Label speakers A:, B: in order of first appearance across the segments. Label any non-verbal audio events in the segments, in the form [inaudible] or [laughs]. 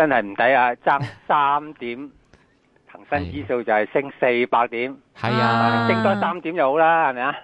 A: 真係唔抵呀，爭
B: 三點。指數就係升四百點，係啊、哎呀，升多三點就好啦，係
C: 咪啊？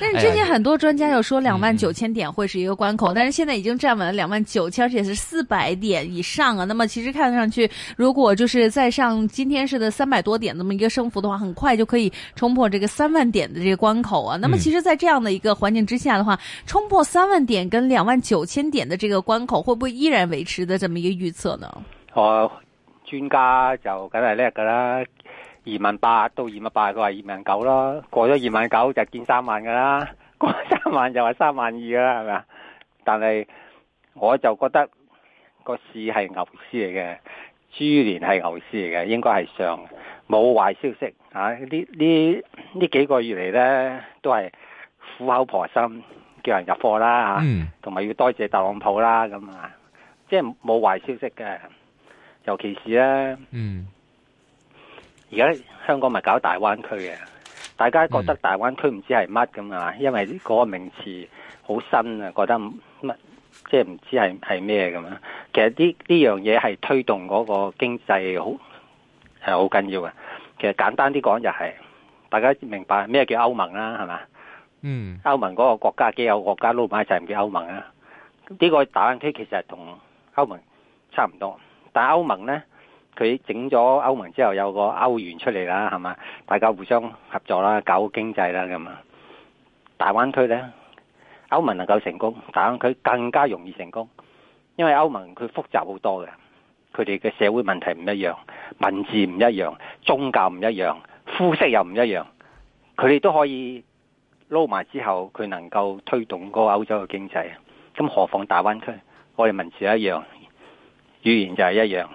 C: 那 [laughs] 之前很多專家有說，兩萬九千點會是一個關口，哎、呀但是現在已經站穩了兩萬九千，而且是四百點以上啊。那麼其實看上去，如果就是再上今天是的三百多點這麼一個升幅的話，很快就可以衝破這個三萬點的這個關口啊。那麼其實，在這樣的一個環境之下的話，嗯、衝破三萬點跟兩萬九千點的這個關口，會不會依然維持的這麼一個預測呢？
B: 好、哦專家就梗係叻噶啦，二萬八到二萬八，佢話二萬九囉。過咗二萬九就見三萬噶啦，過三萬就話三萬二啦，係咪啊？但係我就覺得個市係牛市嚟嘅，豬年係牛市嚟嘅，應該係上，冇壞消息嚇，呢呢呢幾個月嚟咧都係苦口婆心叫人入貨啦嚇，同埋要多謝特朗普啦咁啊，即係冇壞消息嘅。尤其是咧，而家、嗯、香港咪搞大灣區嘅？大家覺得大灣區唔知係乜咁啊？因為嗰個名詞好新啊，覺得乜即係唔知係係咩咁啊？其實呢呢樣嘢係推動嗰個經濟好係好緊要嘅。其實簡單啲講就係、是、大家明白咩叫歐盟啦，係嘛？
D: 嗯，
B: 歐盟嗰個國家幾有國家撈埋一齊唔叫歐盟啊。呢、嗯個,啊呢個大灣區其實係同歐盟差唔多。但歐盟呢，佢整咗歐盟之後有個歐元出嚟啦，係嘛？大家互相合作啦，搞經濟啦咁啊！大灣區呢，歐盟能夠成功，大灣區更加容易成功，因為歐盟佢複雜好多嘅，佢哋嘅社會問題唔一樣，文字唔一樣，宗教唔一樣，膚色又唔一樣，佢哋都可以撈埋之後，佢能夠推動嗰個歐洲嘅經濟。咁何況大灣區，我哋文字一樣。語言就係一樣，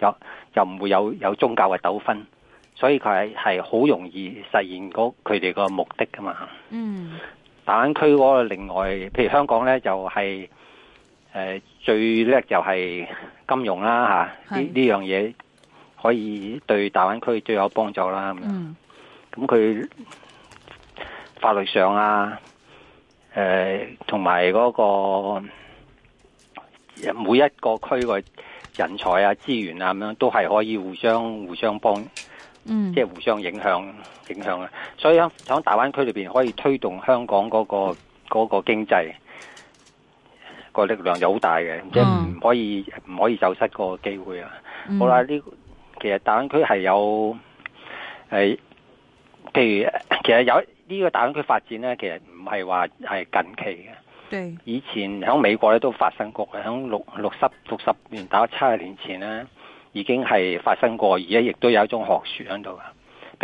B: 又又唔會有會有，有宗教嘅糾紛，所以佢係係好容易實現佢哋個目的噶嘛。嗯，大灣區嗰個另外，譬如香港呢，就係、是、誒、呃、最叻就係金融啦吓，呢、啊、呢是樣嘢可以對大灣區最有幫助啦。咁佢、嗯、法律上啊，誒同埋嗰個。每一個區嘅人才啊、資源啊咁樣都係可以互相互相幫，
D: 即係互
B: 相影響影響啊！所以響響大灣區裏面可以推動香港嗰個嗰個經濟個力量有好大嘅，即係唔可以唔、oh. 可以走失個機會啊！好啦，呢其實大灣區係有係譬如其實有呢個大灣區發展咧，其實唔係話係近期嘅。以前喺美國咧都發生過，喺六六十六十年前到七十年前咧，已經係發生過，而家亦都有一種學說喺度噶。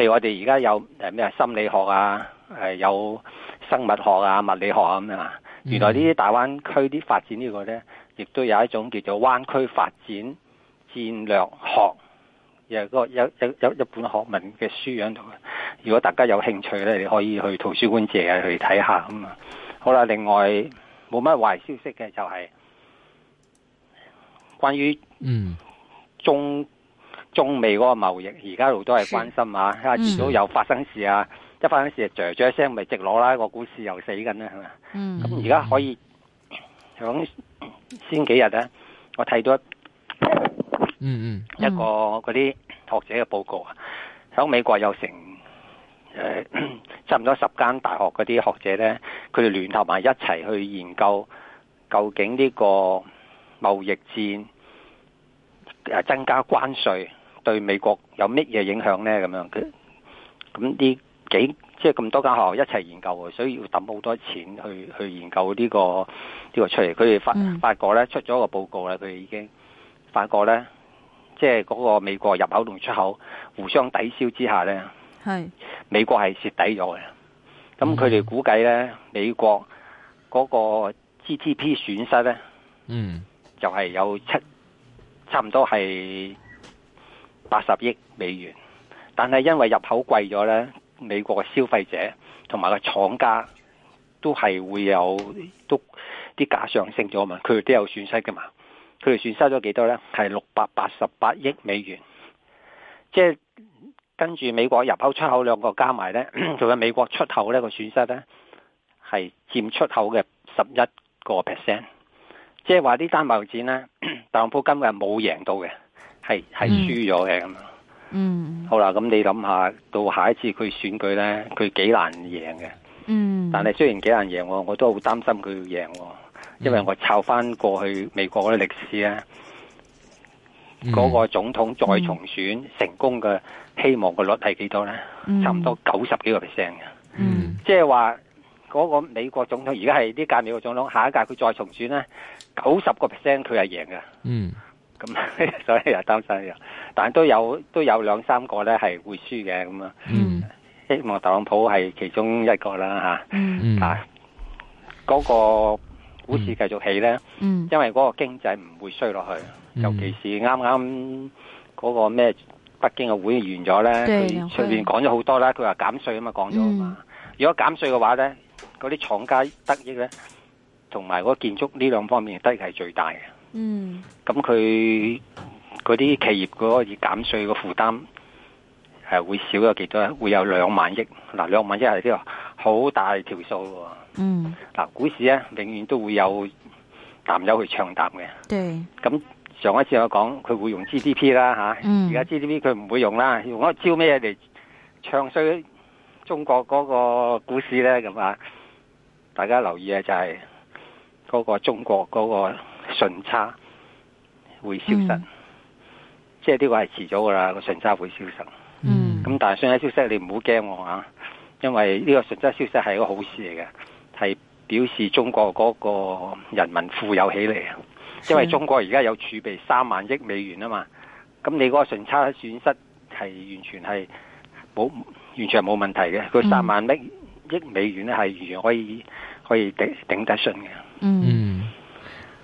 B: 譬如我哋而家有誒咩心理學啊，誒有生物學啊、物理學啊咁樣啊。原來呢啲大灣區啲發展呢個咧，亦都有一種叫做灣區發展戰略學，有嗰一一一一本學問嘅書喺度。如果大家有興趣咧，你可以去圖書館借啊去睇下咁啊。好啦，另外冇乜壞消息嘅就係關於嗯中中美嗰個貿易，而家度都係關心啊，吓見到有發生事啊，一、嗯、發生事就嘖嘖聲，咪直落啦個股市又死緊啦、啊，咁而家可以響先、嗯、幾日咧、啊，我睇到嗯嗯一個嗰啲、嗯嗯、學者嘅報告啊，響美國有成。
D: 誒，
B: 差唔多十間大學嗰啲學者咧，佢哋聯合埋一齊去研究究竟呢個貿易戰誒增加關稅對美國有乜嘢影響咧？咁樣嘅，咁呢幾即係咁多間學校一齊研究，所以要抌好多錢去去研究呢個呢個出嚟。佢哋發發覺咧，出咗個報告咧，佢哋已經發覺咧，即係嗰個美國入口同出口互相抵消之下咧。
D: 係
B: 是美國係蝕底咗嘅，咁佢哋估計咧，美國嗰個 GDP 損失咧，嗯，就係有七差唔多係八十億美元，但係因為入口貴咗咧，美國嘅消費者同埋個廠家都係會有都啲價上升咗嘛，佢哋都有損失㗎嘛，佢哋損失咗幾多咧？係六百八十八億美元，即係。跟住美國入口出口兩個加埋呢，仲 [coughs] 有美國出口呢個損失呢，係佔出口嘅十一個 percent。即係話呢單貿戰呢， [coughs] 特朗普根本係冇贏到嘅，係係輸咗嘅咁咯。嗯，好啦，咁你諗下，到下一次佢選舉呢，佢幾難贏嘅。嗯、
D: 但係
B: 雖然幾難贏，喎，我都好擔心佢要贏，因為我抄返過去美國嗰啲歷史呢。嗰、嗯、個總統再重選成功嘅希望嘅率係幾多咧？嗯、差唔多九十幾個 percent 嘅，即係話嗰個美國總統而家係呢屆美國總統，下一屆佢再重選咧，九十個 percent 佢係贏嘅。嗯，咁所以又擔心啊，但係都有都有兩三個咧係會輸嘅咁啊。嗯，希望特朗普係其中一個啦吓。嗯、
D: 嗱、啊、
B: 嗰、嗯嗰個。股市繼續起呢，嗯、因為嗰個經濟唔會衰落去，嗯、尤其是啱啱嗰個咩北京嘅會議完咗呢，佢對隨便講咗好多啦。佢話減稅啊嘛，講咗嘛。嗯、如果減稅嘅話呢，嗰啲廠家得益呢，同埋嗰建築呢兩方面得益係最大嘅。嗯，咁佢嗰啲企業嗰個以減稅嘅負擔係會少咗幾多？會有兩萬億。嗱、啊，兩萬億係啲好大條數喎。嗯，嗱，股市咧，永遠都會有淡友去唱淡嘅。
D: 對。
B: 咁上一次我講佢會用 GDP 啦吓，而家 GDP 佢唔會用啦，用一招咩嚟唱衰中國嗰個股市咧？咁啊，大家留意啊，就係嗰個中國嗰個順差會消失，即係呢個係遲早噶啦，個順差會消失。嗯。咁但係順差消失，你唔好驚我啊，因為呢個順差消失係一個好事嚟嘅。係表示中國嗰個人民富有起嚟啊！因為中國而家有儲備三萬億美元啊嘛，咁你嗰個順差損失係完全係冇完全係冇問題嘅，佢三萬億億美元咧係完全可以可以頂頂得順嘅。嗯。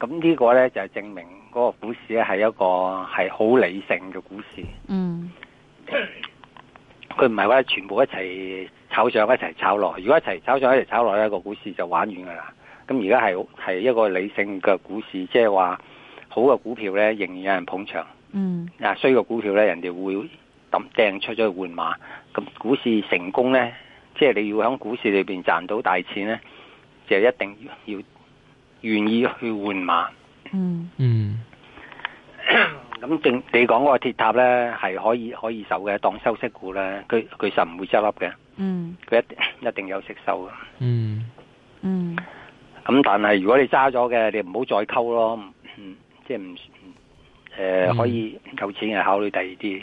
B: 咁呢個呢，就係證明嗰個股市呢，係一個係好理性嘅股市。
D: 嗯，
B: 佢唔係話全部一齊炒上一齊炒落。如果一齊炒上一齊炒落呢，個股市就玩完噶啦。咁而家係係一個理性嘅股市，即係話好嘅股票呢，仍然有人捧場。嗯，啊，衰嘅股票呢，人哋會抌掟出咗去換馬。咁股市成功呢，即係你要喺股市裏邊賺到大錢呢，就一定要。願意去換馬，嗯嗯，咁 [coughs] 正你講個鐵塔咧，係可以可以守嘅，當收息股咧，佢佢實唔會執笠嘅，嗯，佢一定一定有息收嘅，嗯嗯，嗯，嗯，
D: 咁但
B: 係如果你揸咗嘅，你唔好再溝咯，嗯，即係唔，誒可以有錢係考慮第二啲。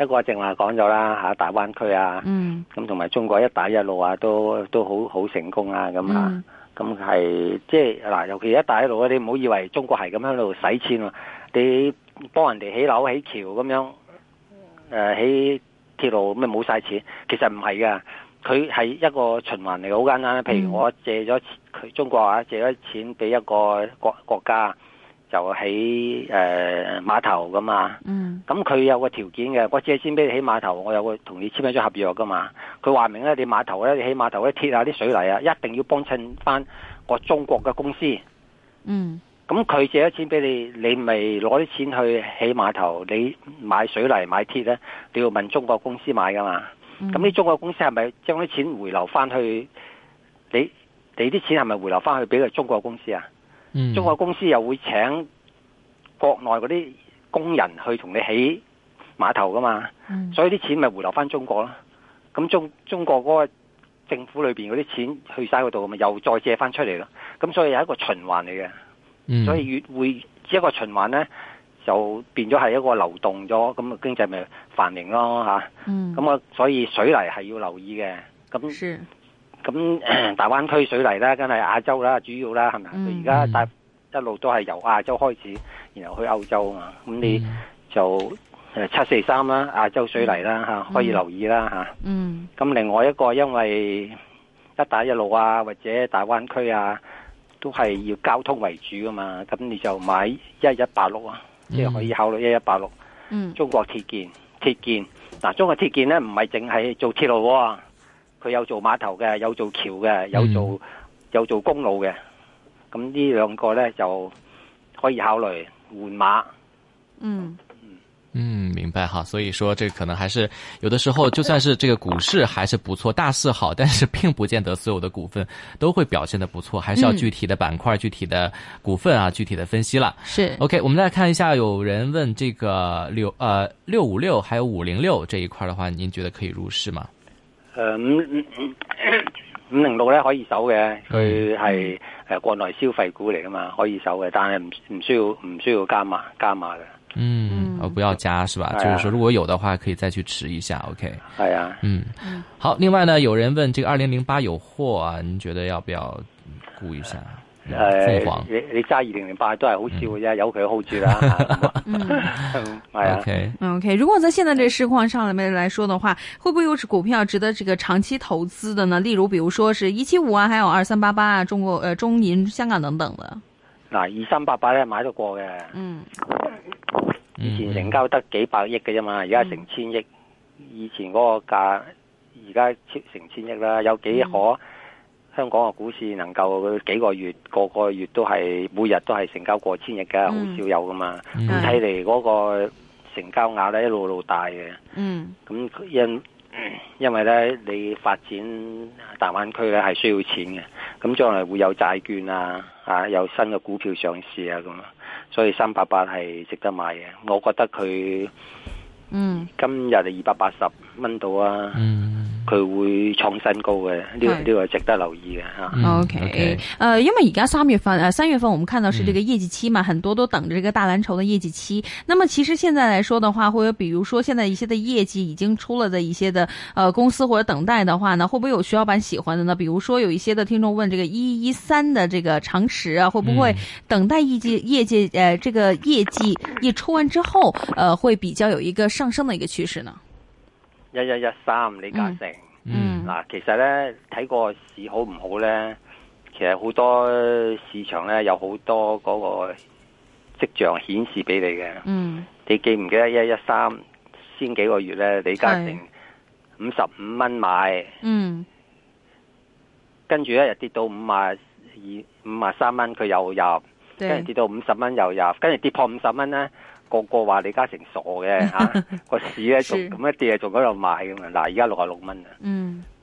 B: 一個正話講咗啦吓，大灣區啊，咁同埋中國一帶一路啊，都都好好成功啊咁啊，咁係即係嗱，尤其一帶一路啊，你唔好以為中國係咁喺度使錢喎，你幫人哋起樓起橋咁樣，誒起鐵路咩冇晒錢，其實唔係噶，佢係一個循環嚟嘅，好簡單。譬如我借咗佢中國啊，借咗錢俾一個國國家。就喺誒、呃、碼頭噶嘛，咁佢、嗯、有個條件嘅，我借錢俾你起碼頭，我有個同你簽一張合約噶嘛。佢話明咧，你碼頭咧，你起碼頭咧，鐵啊，啲水泥啊，一定要幫襯翻個中國嘅公司。嗯，咁佢借咗錢俾你，你咪攞啲錢去起碼頭，你買水泥買鐵咧，你要問中國公司買噶嘛。咁啲、嗯、中國公司係咪將啲錢回流翻去？你你啲錢係咪回流翻去俾佢中國公司啊？嗯、中國公司又會請國內嗰啲工人去同你起碼頭噶嘛，嗯、所以啲錢咪回流翻中國咯。咁中中國嗰個政府裏邊嗰啲錢去晒嗰度，咪又再借翻出嚟咯。咁所以有一個循環嚟嘅，嗯、所以越會只一個循環咧，就變咗係一個流動咗，咁啊經濟咪繁榮咯吓。咁、嗯、啊，所以水泥係要留意嘅。咁。咁，大灣區水泥啦，梗係亞洲啦，主要啦，係咪、嗯？而家大一路都係由亞洲開始，然後去歐洲啊嘛。咁、嗯、你就七四三啦，亞洲水泥啦嚇，嗯、可以留意啦嚇、嗯。嗯。咁另外一個，因為一帶一路啊，或者大灣區啊，都係要交通為主噶嘛。咁你就買一一八六啊，即係、嗯、可以考慮一一八六。嗯、中國鐵建，鐵建嗱、啊，中國鐵建咧唔係淨係做鐵路喎、啊。佢有做碼頭嘅，有做橋嘅，有做有做公路嘅，咁呢兩個呢，就可以考慮換馬。
A: 嗯嗯明白哈。所以說，這可能還是有的時候，就算是這個股市還是不錯，大市好，但是並不見得所有的股份都會表現得不錯，還是要具體的板塊、嗯、具體的股份啊、具體的分析啦。是 OK，我們再看一下，有人問這個六呃六五六還有五零六這一塊的話，您覺得可以入市嗎？
B: 誒、呃，五五五,五零六咧，可以守嘅，佢係誒國內消費股嚟噶嘛可以守嘅，但係唔唔需要唔需要加碼加碼嘅。
A: 嗯，嗯我不要加，是吧？是啊、就是說，如果有的話，可以再去持一下。OK。係啊。嗯，好。另外呢，有人問，這個二零零八有貨啊？你覺得要不要沽一下？呃
B: 誒，你你揸二零零八都係好笑嘅啫，嗯、有佢嘅好處
D: 啦。
B: 嗯，係啊。
C: O K，如果在現在嘅市況上面來說的話，會不會又是股票值得這個長期投資的呢？例如，比如說是一七五啊，還有二三八八啊，中國誒、呃、中銀香港等等的。
B: 嗱、啊，二三八八咧買得過嘅。嗯。以前成交得幾百億嘅啫嘛，而家成千億。嗯、以前嗰個價，而家超成千億啦，有幾可？嗯香港嘅股市能夠幾個月個個月都係每日都係成交過千億嘅，好少有噶嘛。咁睇嚟嗰個成交額咧一路路路大嘅。嗯，咁因因為咧你發展大灣區咧係需要錢嘅，咁將來會有債券啊，啊有新嘅股票上市啊，咁所以三百八係值得買嘅。我覺得佢、啊嗯，
C: 嗯，
B: 今日就二百八十蚊度啊。佢會創新高嘅，呢、這個呢是個值得留意
C: 嘅嚇。O K，呃，因為而家三月份呃，三月份我們看到是這個業績期嘛，嗯、很多都等着這個大藍籌的業績期。那麼其實現在來說的話，會有比如說，現在一些的業績已經出了的一些的，呃，公司或者等待的話呢，會不會有徐老闆喜歡的呢？比如說，有一些的聽眾問這個一一三的這個長實啊，會不會等待業績業績呃，這個業績一出完之後，呃，會比較有一個上升的一個趨勢呢？
B: 一一一三李嘉誠，嗱、嗯嗯，其實咧，睇個市好唔好咧？其實好多市場咧，有好多嗰個跡象顯示俾你嘅。嗯、你記唔記得一一一三先幾個月咧，李嘉誠五十五蚊買，跟住、嗯、一日跌到五十二、五十三蚊，佢又入，跟住是跌到五十蚊又入，跟住跌破五十蚊咧。個個話李嘉誠傻嘅吓，個 [laughs] 是、啊、市咧仲咁一啲跌，仲喺度賣嘅嘛。嗱，而、嗯、家六啊六蚊啊，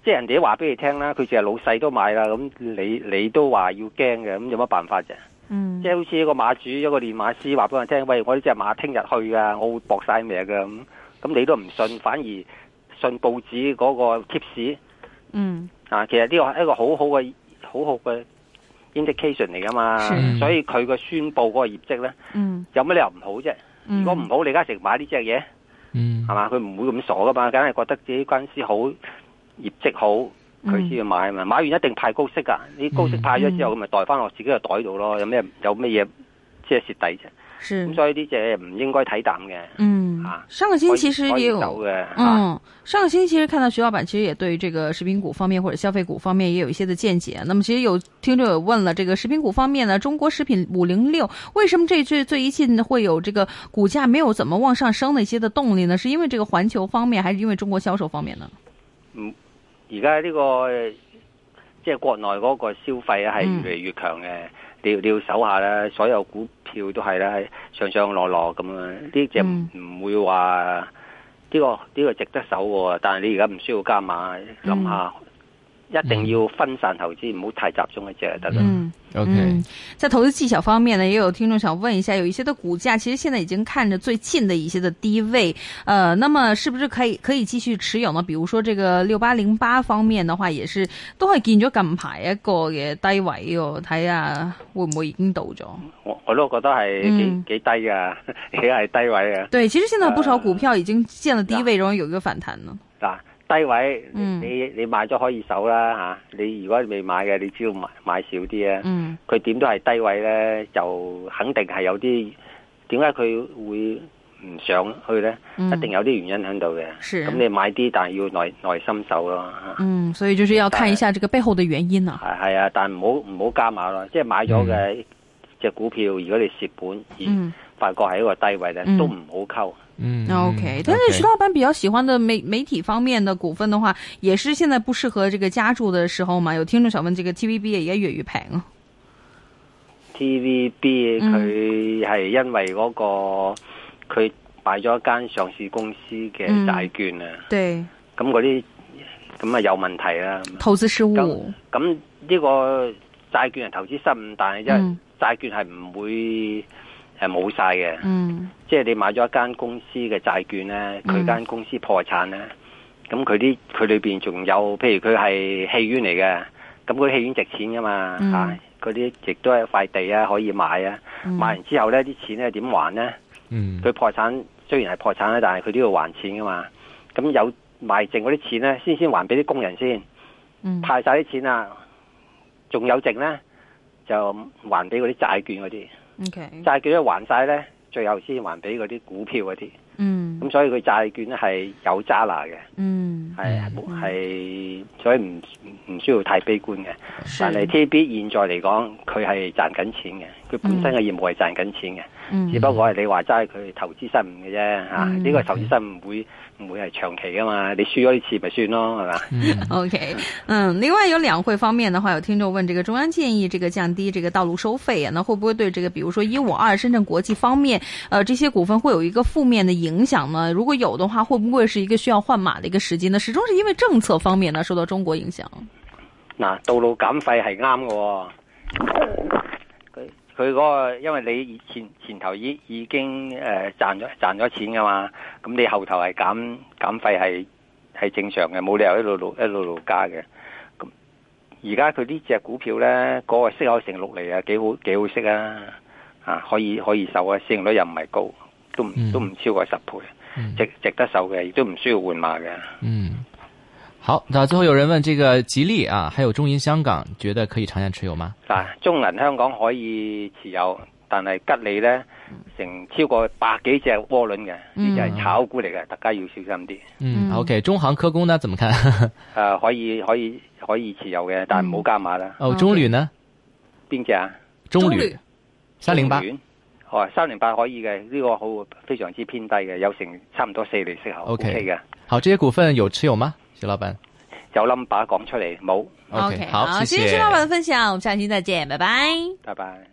B: 即係人哋都話俾你聽啦，佢淨係老細都買啦。咁你你都話要驚嘅，咁有乜辦法啫？嗯、即係好似一個馬主，一個練馬師話俾我聽，喂，我呢隻馬聽日去啊，我會搏晒命嘅咁。咁你都唔信，反而信報紙嗰個貼士。嗯啊，其實呢個係一個好好嘅好好嘅 indication 嚟噶嘛。嗯、所以佢個宣布嗰個業績咧，有乜理由唔好啫？如果唔好，李嘉誠買呢隻嘢，係、嗯、嘛？佢唔會咁傻噶嘛，梗係覺得自己軍師好業績好，
D: 佢先要
B: 買啊嘛。嗯、買完一定派高息，呢啲高息派咗之後，咁咪袋翻落自己個袋度咯。有咩有咩嘢即係蝕底啫？是，所以呢隻唔應該睇淡嘅。嗯，吓、啊、
C: 上個星期其實也有。嘅，嗯，啊、上個星期其實看到徐老闆其實也對於這個食品股方面或者消費股方面也有一些的見解。那麼其實有聽眾有問了，這個食品股方面呢，中國食品五零六為什麼這最最近會有這個股價沒有怎麼往上升的一些的動力呢？是因為這個環球方面，還是因為中國銷售方面呢？嗯，
B: 而家呢個即係、就是、國內嗰個消費係越嚟越強嘅。嗯你要守下咧，所有股票都係咧上上落落咁樣。呢隻唔會話，呢、這個呢、這個值得守喎，但係你而家唔需要加碼，諗下。嗯一定要分散投資，唔好、嗯、太集中嘅只得啦。嗯
C: ，OK。在投資技巧方面呢，也有聽眾想問一下，有一些的股價其實現在已經看着最近的一些的低位，呃，那麼是不是可以可以繼續持有呢？比如說這個六八零八方面的話，也是都係見咗近排一個嘅低位哦，睇下會唔會已經到咗。
B: 我我都覺得係幾、嗯、幾低噶，而家係低位啊。對，其實現在不
C: 少股票已經見了低位，容易有一個反彈呢、啊。啊？低位，你
B: 你買咗可以守啦吓。你如果未買嘅，你只要買買少啲啊。佢點、嗯、都係低位咧，就肯定係有啲。點解佢會唔上去咧？嗯、一定有啲原因喺度嘅。咁是你買啲，但係要耐耐心守咯。嗯，啊、
C: 所以就是要看一下這個背後嘅原因啦、啊。係
B: 係啊，但係唔好唔好加碼咯。即係買咗嘅隻股票，嗯、如果你蝕本，而發覺係一個低位咧，嗯、都唔好溝。
C: 嗯，OK，但係徐老闆比較喜歡的媒媒體方面的股份的話，Okay. 也是現在不適合這個加注的時候嘛？有聽眾想問，這個 TVB 也越來越平咯
B: TVB 佢係因為嗰、那個佢、嗯、買咗一間上市公司嘅債券啊，
C: 對、嗯，
B: 咁嗰啲咁啊有問題啦。
C: 投資失誤。
B: 咁呢個債券係投資失誤，但係因為債券係唔會。係冇曬嘅，嗯、即係你買咗一間公司嘅債券咧，佢間、嗯、公司破產咧，咁佢啲佢裏面仲有，譬如佢係戲院嚟嘅，咁佢啲戲院值錢噶嘛，嚇、嗯，嗰啲亦都係塊地啊可以買啊，
D: 嗯、買完之
B: 後咧啲錢咧點還咧？嗯，佢破產雖然係破產啦，但係佢都要還錢噶嘛，咁有賣剩嗰啲錢咧，先先還俾啲工人先，
D: 嗯、派
B: 曬啲錢啊，仲有剩咧就還俾嗰啲債券嗰啲。Okay. 債券都還晒咧，最後先還俾嗰啲股票嗰啲。Mm. 嗯，咁所以佢債券咧係有渣拿嘅。嗯，係係，所以唔唔、mm. 需要太悲觀嘅。但係 T B 現在嚟講，佢係賺緊錢嘅。佢本身嘅業務係賺緊錢嘅，嗯、只不過係你話齋佢投資失誤嘅啫吓，呢、嗯啊，這個投資失誤會唔、嗯、會係長期噶嘛？你輸咗呢次咪算咯，係嘛、嗯、吧？OK，
C: 嗯，另外有兩會方面的話，有聽眾問，這個中央建議這個降低這個道路收費啊，那會不會對這個，比如說一五二深圳國際方面，呃，這些股份會有一個負面的影響呢？如果有的話，會不會是一個需要換馬的一個時機呢？始終是因為政策方面呢，受到中國影響。
B: 嗱、啊，道路減費係啱嘅。佢嗰、嗰個，因為你前前頭已已經誒、呃、賺咗賺咗錢噶嘛，咁你後頭係減減費係係正常嘅，冇理由一路路一路路加嘅。咁而家佢呢隻股票咧，嗰個息可成六釐啊，幾好幾好息啊！啊，可以可以收啊，市盈率又唔係高，都唔、mm. 都唔超過十倍，mm. 值值得收嘅，亦都唔需要換碼嘅。
A: Mm. 好，那最後有人問，這個吉利啊，還有中銀香港，覺得可以長期持有嗎？
B: 嗱，中銀香港可以持有，但係吉利咧，成超過百幾隻窩輪嘅，呢隻係炒股嚟嘅，大家要小心啲。嗯
A: ，OK，中航科工呢？怎麼看？
B: 誒、 [laughs] 啊，可以可以可以持有嘅，但係唔好加碼啦。哦，中旅呢？邊驢隻啊？
A: 中旅三零八，
B: 驢 30 8? 哦，三零八可以嘅，呢、這個好非常之偏低嘅，有成差唔多四厘息口。OK 嘅、okay
A: 的，好，這些股份有持有嗎？老闆
B: 有 number 講出嚟冇
C: ？OK 好，謝謝老闆嘅分享，我們下期再見，拜拜，拜拜。